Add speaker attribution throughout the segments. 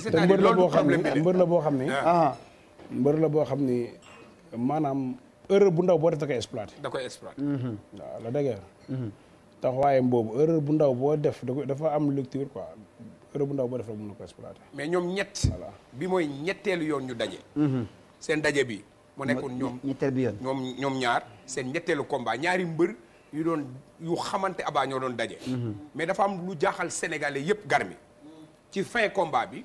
Speaker 1: te mbër la boo xam ne ah. mbër
Speaker 2: la boo xam ne. mbër la boo xam ne maanaam erreur bu ndaw boo def da koy exploité. da koy exploité. Mhm. waaw la dëgg mhm. taxawaayam boobu bu ndaw boo def dafa am lecture quoi erreur bu ndaw boo def rek mën na ko exploité.
Speaker 1: mais ñoom ñett. bi mooy ñetteelu yoon ñu daje. Mhm. seen daje bi. mu nekkoon ñoom ñetteel bi ñoom ñoom ñaar seen ñetteelu combat ñaari mbër yu doon yu xamante abaa ñoo doon daje. mais dafa am lu jaaxal sénégalais yëpp garmi ci fin combat bi.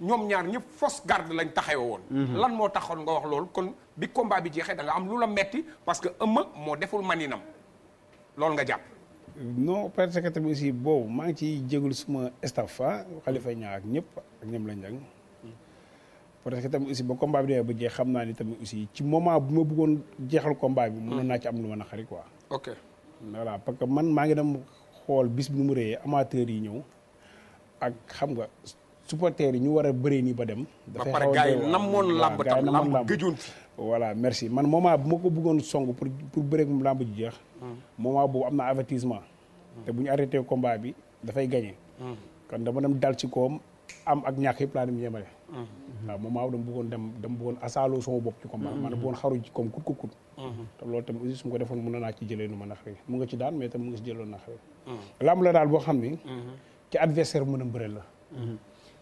Speaker 1: ñom ñaar ñëpp fausse garde lañ taxé won mhm. lan mo taxone nga wax lool kon bi combat bi jexé da nga am lu metti parce que euma mo deful maninam lool nga japp
Speaker 2: non parce que tamit aussi bo ma ngi ci jégul suma staff ah xalifa ñaar ak ñëpp ak ñoom lañ jang parce que tamit aussi bo combat bi bu jex xamna ni tamit aussi ci moment bu ma bëggon jexal combat bi mëna na ci am lu mëna xari quoi ok voilà parce que man ma ngi dem xol bis bi mu réyee amateur yi ñew ak xam nga supporter yi ñu war a bëri nii ba dem. dafay xaw a gars yi namoon lamb tam lamb gëjoon fi. voilà merci man moment bu ma ko bëggoon song pour pour bëreeg moom lamb ji jeex. Hmm. moment boobu am na avertissement. te bu ñu arrêté combat bi dafay gagné. Hmm. kon dama dem dal ci koom am ak ñàkk yëpp laa dem yemale. Hmm. waaw moment dama bëggoon dem dama bëggoon asaaloo sama bopp ci combat. man bëggoon xaru ci koom kut kut kut. te loolu tam aussi su ma ko defoon mën naa ci jëlee nu ma naqaree mu nga ci daan mais tam mu nga ci jëloon naqaree. lamb la daal boo xam ni. ci adversaire mën a mbëre la.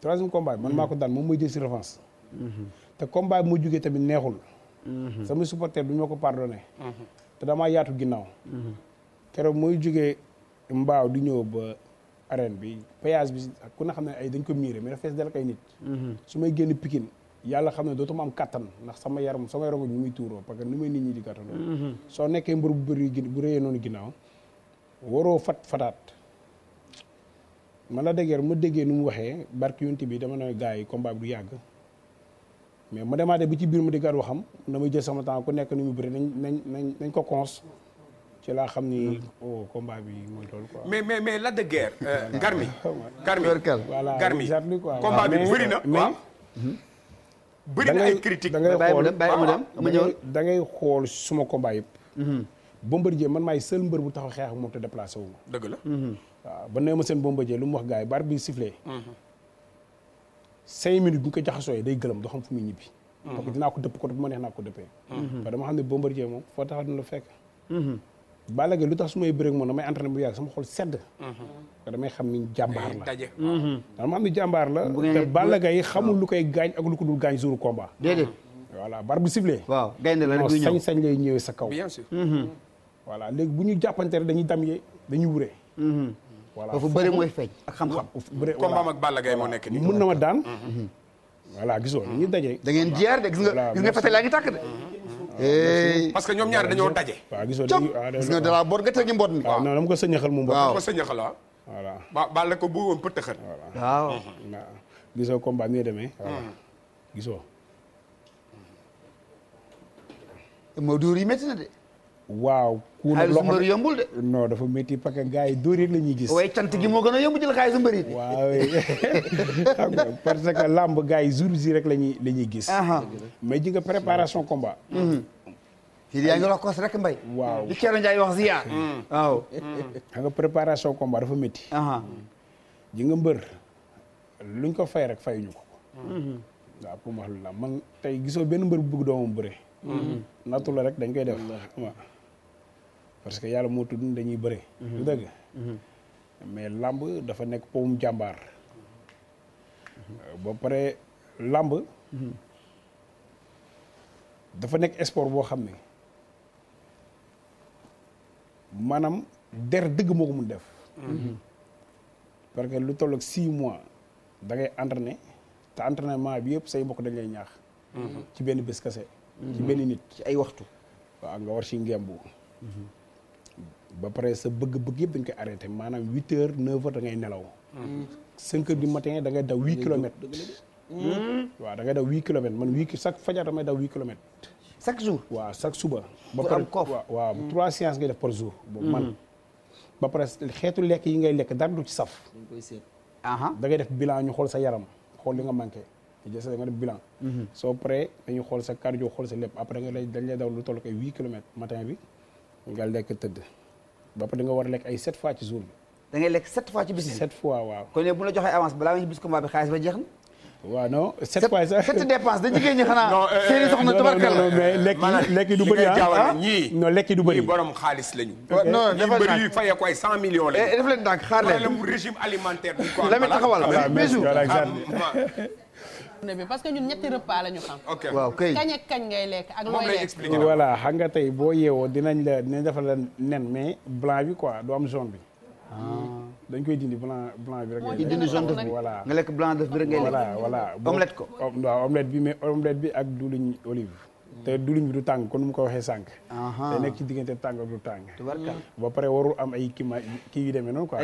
Speaker 2: troisième combat man maa ko daan moom mooy jël si revanche. te combat bi mu jugee tamit neexul. sama supporter du ñu ko pardonné. te damaa yaatu ginnaaw. keroog muy jugee mbaaw di ñëw ba arène bi péage bi ku ne xam ne ay dañ ko miiré mais dafa fees dal kay nit. su may génn Pikine yàlla xam ne dootuma am kattan ndax sama yaram sama yaram ñu muy tuuroo parce que ni may nit ñi di gàttaloo. Mhm. soo nekkee mbër bu bëri bu rëyee noonu ginnaaw waroo fat fataat. man la dëggeer ma déggee nu mu waxee barki yunti bi dama ne gars yi combat bi du yàgg mais ma demaatee bu ci biir ma di gar waxam na may jël sama temps ku nekk nu mu bëri nañ nañ nañ nañ ko cons ci laa xam ni oh bi mooy loolu mais
Speaker 1: mais mais la dëggeer. garmi garmi voilà garmi combat bi bëri na waaw hmm. bëri na ay critique da ngay xool
Speaker 2: da ngay xool suma combat yëpp. Hmm. Bombardier man maay seul mbër bu taxaw xeex ak moom te déplacé wu
Speaker 1: ma. la. Hmm.
Speaker 2: waaw ba nee ma seen Bombardier lu mu wax gars yi bar bi sifflé. Mm-hmm. cinq bu ko jaxasooyee day gëlëm doo xam fu muy ñibbi. Mm-hmm. parce ko dëpp ko bu ma neex naa ko dëppee. Mm-hmm. parce dama xam ne Bombardier moom lu tax su may bëreeg moom damay entraîné bu yàgg sama xol sedd. te damay xam ni jàmbaar la. dama xam ni la. te Balla Gaye xamul lu koy gaañ ak lu ko dul gaañ jour combat. déedéet. voilà bar bu sifflé. waaw gaynde la rek du ñëw sañ-sañ lay ñëwee sa kaw. bien sûr. voilà léegi bu ñu jàppante dañuy damyee dañuy wuree.
Speaker 1: voilà foofu bëri mooy
Speaker 2: feeñ ak xam-xam. bëri voilà combat
Speaker 1: ak Balla Gaye moo nekk nii. mun na ma daan. Mhm.
Speaker 2: voilà gisoo ñu mhm. daje. da ngeen jeer de gis nga gis nga laa ngi tàkk de. Mhm. Eh.
Speaker 1: parce que ñoom ñaar dañoo daje. waaw gisoo gis nga dalaa
Speaker 2: boor nga tegi mboot mi. waaw non dama ko sëñaxal mu mboot. waaw ko
Speaker 1: sëñaxal ah. voilà ba Balla ko bu woon pëtt xër. waaw
Speaker 2: gisoo combat ni demee. gisoo. moo yi métti na de. waaw ku xaalisu mbër yombul de non dafa métti parce que gars yi dóor rek la ñuy gis way
Speaker 1: cant moo gën a yomb jël xaalisu mbër yi
Speaker 2: làmb gars yi jour ji la ñuy la ñuy gis mais ji nga préparation combat mm-hmm. fii yaa ngi wax
Speaker 1: kos rek mbay waaw li Thierno wax ziar
Speaker 2: mm-hmm. nga préparation komba dafa métti jinga nga mbër luñ ko fay rek fayuñu ko mm-hmm. waaw pour ma wax la man tey gisoo benn mbër bu bëgg doomam bëre nattu rek dañ koy def parce que yalla mo tudd dañuy béré du mhm. dëgg. Mhm. mais lamb dafa nek pom jambar mhm. euh, ba pare làmb. dafa nek sport bo xamné manam der dëgg moko mën mun def. parce que lu toll ak 6 mois da ngay entraîner ta entraînement bi yépp say bokk dañ lay ñaax. ci bénn bëss kassé ci bénn nit ci ay waxtu. wa nga war si ngemb ba paré sa bëgg-bëgg yëpp dañ koy arrêté manam 8h 9h da ngay nelaw. 5h du matin da ngay daw 8 km wa da ngay daw 8 km man 8 chaque fajar may daw 8 km chaque jour wa chaque suba. ba pare wa 3 séances ngay def par jour. boobu man ba paré xétu lekk yi ngay lekk dara du ci saf. Aha. da ngay def bilan ñu xol sa yaram xol li nga manké jël sa nga def bilan. Hmm. so paré dañu xol sa cardio xol sa lépp après nga lay dañ lay daw lu tollu kay matin bi ngal teud ba pare da nga war a lekk ay sept fois ci jour bi. da ngay lekk sept fois ci bis bi sept fois waaw. kon léegi bu la joxee avance balaa ci bis combat bi xaalis ba jeex na. waaw non sept fois xanaa. Euh, seeni euh, soxna tabarkal lekk ah. du bëri
Speaker 1: ah xaalis lañu. non dafa bëri yu fayee ko ay cent millions lañu. Eh, def leen ndànk xaar leen régime alimentaire. du ko am balaa parce que ñun ñetti repas la ñu xam. waaw kay kañ ngay lekk ak looy lekk.
Speaker 2: voilà xam boo yeewoo dinañ la dinañ defal la nen mais blanc bi quoi du am jaune bi. Ah. dañ koy dindi blanc blanc bi rek. mooy dindi jaune def bi voilà. nga lekk blanc def bi rek ngay lekk. voilà voilà omelette ko. waaw omelette bi mais omelette bi ak diwliñ olive. te diwliñ bi du tànk kon nu mu ko waxee sànq. day nekk ci diggante tàng ak du tàng. ba pare warul am ay kii ma kii yu demee